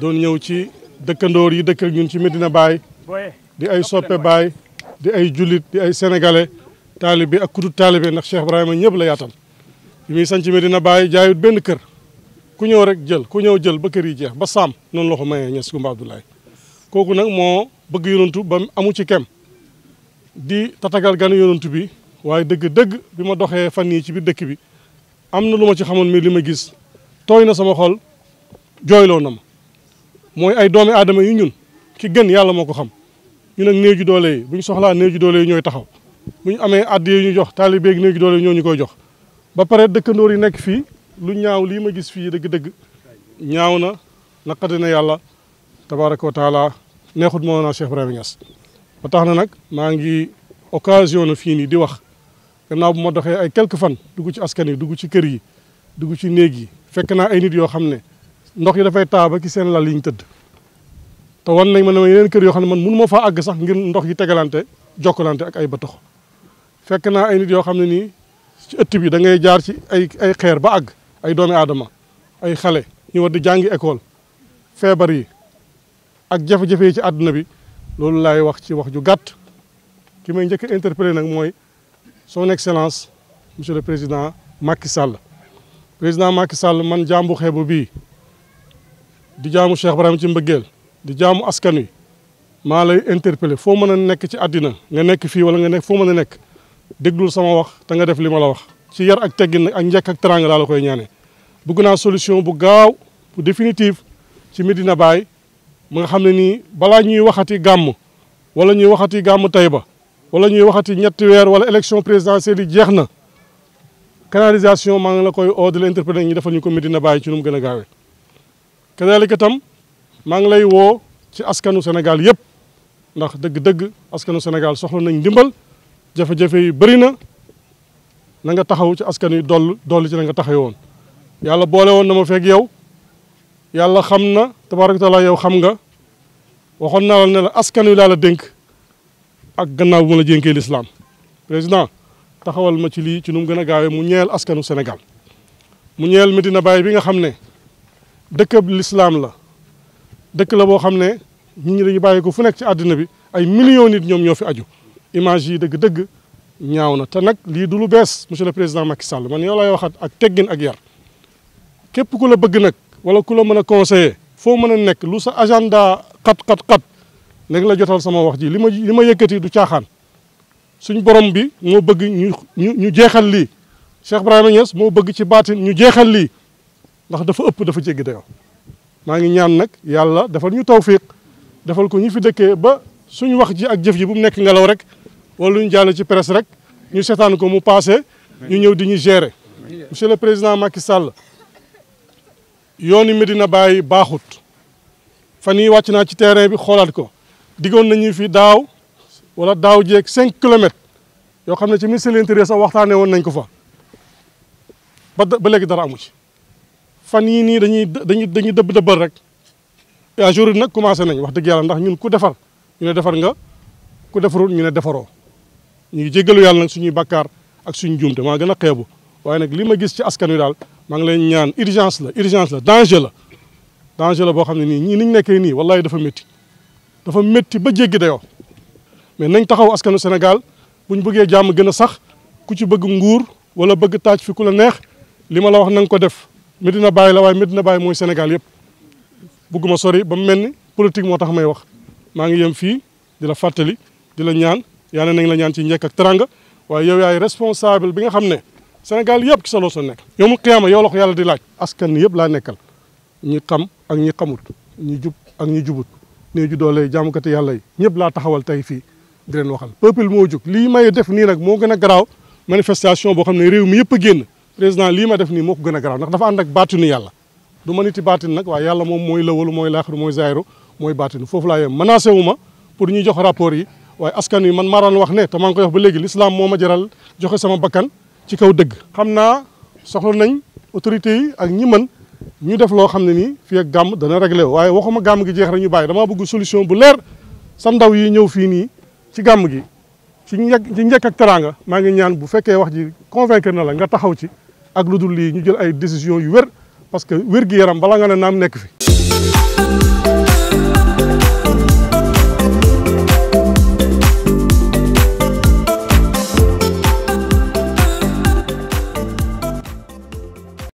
doon ñëw ci dëkkandoor yi dëkk ak ñun ci Medina Baye di ay soppe Baye di ay jullit di ay sénégalais taalibe ak kutut taalibe ndax Cheikh Ibrahima ñëpp la yaatal bi muy sanc Medina Baye jaayut benn kër ku ñëw rek jël ku ñëw jël ba kër yi jeex ba saam noonu la ko mayee ñes Gumba Abdoulaye kooku nag moo bëgg yonantu ba amu ci kem di tatagal gan yonantu bi waaye dëgg-dëgg bi ma doxee fan yii ci biir dëkk bi am na lu ma ci xamoon mi li ma gis tooy na sama xol jooyloo na ma mooy ay doomi adama yu ñun ki gën yàlla moo ko xam ñu nag néew doole yi bu ñu soxlaa néew doole yi ñooy taxaw bu ñu amee àdd yi ñu jox taalibe ak néew ju doole yi ñoo ñu koy jox ba pare dëkkandoor yi nekk fii lu ñaaw lii ma gis fii dëgg-dëgg ñaaw na naqati na yàlla tabaraka wa taala neexut moo naa Cheikh Ibrahima Niass ba tax na nag maa ngi occasion na fii nii di wax gannaaw bu ma doxee ay quelques fan dugg ci askan yi dugg ci kër yi dugg ci néeg yi fekk naa ay nit yoo xam ne ndox yi dafay taa ba ci seen lal yi ñu tëdd to won nañ man yeneen kër yo xamne man mënu mo fa àgg sax ngir ndox yi tégalanté jokkolanté ak ay batox fekk na ay nit yo xamne ni ci ëtt bi da ngay jaar ci ay ay xeer ba ag ay doomi adama ay xalé ñu war di jàngi école feebar yi ak jafé jafé ci aduna bi loolu lay wax ci wax ju gatt ki may ñëk interpellé nak moy son excellence monsieur le président Macky Sall président Macky Sall man jambu xébu bi di jaamu Cheikh ibrahim ci mbeugël di jaamu askan wi ma lay interpeller fo meuna nek ci adina nga nek, fi wala nga nek fo meuna nek deglul sama wax ta nga def lima la wax ci yar ak teggin ak ak la la koy ñaane bëgg na solution bu gaaw bu définitive ci Medina bay mu nga xam ne nii ñuy waxati gam wala ñuy waxati gam tayba wala ñuy waxati ñetti wër wala élection présidentielle yi canalisation ma nga la koy ordre l'interpeller ñu defal ñu ko Medina bay ci gëna gaawé maa ngi lay woo ci askanu senegal yëpp ndax dëgg-dëgg askanu Sénégal soxla nañ ndimbal jafe-jafe yi bëri na na taxaw ci askan wi doll dolli ci na nga taxaw woon yàlla boole woon na ma feeg yow yàlla xam na tabaaraka taala yow xam nga waxoon naa la ne la askan wi laa la dénk ak gannaaw bu ma la jénkee lislaam président taxawal ma ci lii ci num gën a gaawe mu ñeel askanu senegal mu ñeel Medina Baye bi nga xam ne dëkkab lislaam la dëkk la boo xam ne nit ñi dañuy bàyyi ko fu nekk ci àddina bi ay millions nit ñoom ñoo fi aju image yi dëgg-dëgg ñaaw na te nag lii du lu bees monsieur le président Macky Sall man yow lay waxat ak teggin ak yar képp ku la bëgg nag wala ku la mën a conseiller foo mën a nekk lu sa agenda xat xat xat nag la jotal sama wax ji li ma li ma yëkkati du caaxaan suñ borom bi moo bëgg ñu ñu ñu jeexal lii Cheikh Ibrahima Niass moo bëgg ci baatin ñu jeexal lii ndax dafa ëpp dafa jéggi maa ngi ñaan nag yàlla defal ñu tawfiq defal ko ñu fi dëkkee ba suñu wax ji ak jëf ji bu mu nekk ngelaw rek wala ñu jàll ci presse rek ñu seetaan ko mu passé ñu ñëw di ñu gérer. monsieur le président Macky Sall yoonu Medina Baye baaxut fan yii wàcc naa ci terrain bi xoolaat ko diggoon nañu fi daaw wala daaw jeeg 5 kilomètres yoo xam ne ci ministère de sax waxtaanee woon nañ ko fa ba ba léegi dara amu ci. fan yi ni dañuy dañuy dañuy deub deubal rek ya jour nak commencé nañ wax deug yalla ndax ñun ku défar ñu né défar nga ku defarul ñu né défaro ñu ngi jéggalu yàlla nag suñuy bàkkaar ak suñu juumte ma gëna xébu waye nak lima gis ci askan wi dal ma ngi lay ñaan urgence la urgence la danger la danger la bo xamni ni ñi niñ nekké ni wallahi dafa metti dafa metti ba jéggi dayo mais nañ taxaw askanu Sénégal buñ bëggé jamm gëna sax ku ci bëgg nguur wala bëgg taaj fi ku la neex lima la wax nang ko def Medina Baye la way Medina Baye moy senegal yëpp buguma sori ba melni politique motax may wax ma ngi yem fi di la dila di ñaan yalla nañ la ñaan ci ñek ak teranga way yow yaay responsable bi nga xamne senegal Sénégal yëpp solo so nek yow mu xiyaama yow la ko yalla di laaj askan yëpp la nekkal ñi xam ak ñi xamut ñi jup ak ñi jubut ne ju doole jaamukati yàlla yi ñëpp la taxawal tay fi di len waxal peuple mo juk li may def ni nak mo gëna graw manifestation bo xamne rew mi yep président li ma def ni moko gëna graw nak dafa and ak batinu yalla du ma niti baatin nak wa yalla mom moy lewul moy lakhir moy zaayiru moy batinu fofu la yem menacé wuma pour ñuy jox rapport yi way askan yi man maran wax ne te wax ba l'islam moma jaral joxe sama bakkan ci kaw deug xamna soxlo nañ autorité yi ak ñi man ñu def lo xamni ni fi fii ak gàmm dana régler waaye waxuma gam gi jeex rek ñu bàyyi bëgg solution bu leer sa ndaw yi ñëw fi ni ci gam gi ci njëkk ci njëkk ak teranga ma ngi ñaan bu wax ji convaincre na la nga taxaw ci ak lu dul lii ñu jël ay décision yu wér parce que wér gi yaram bala nga ne naam nekk fi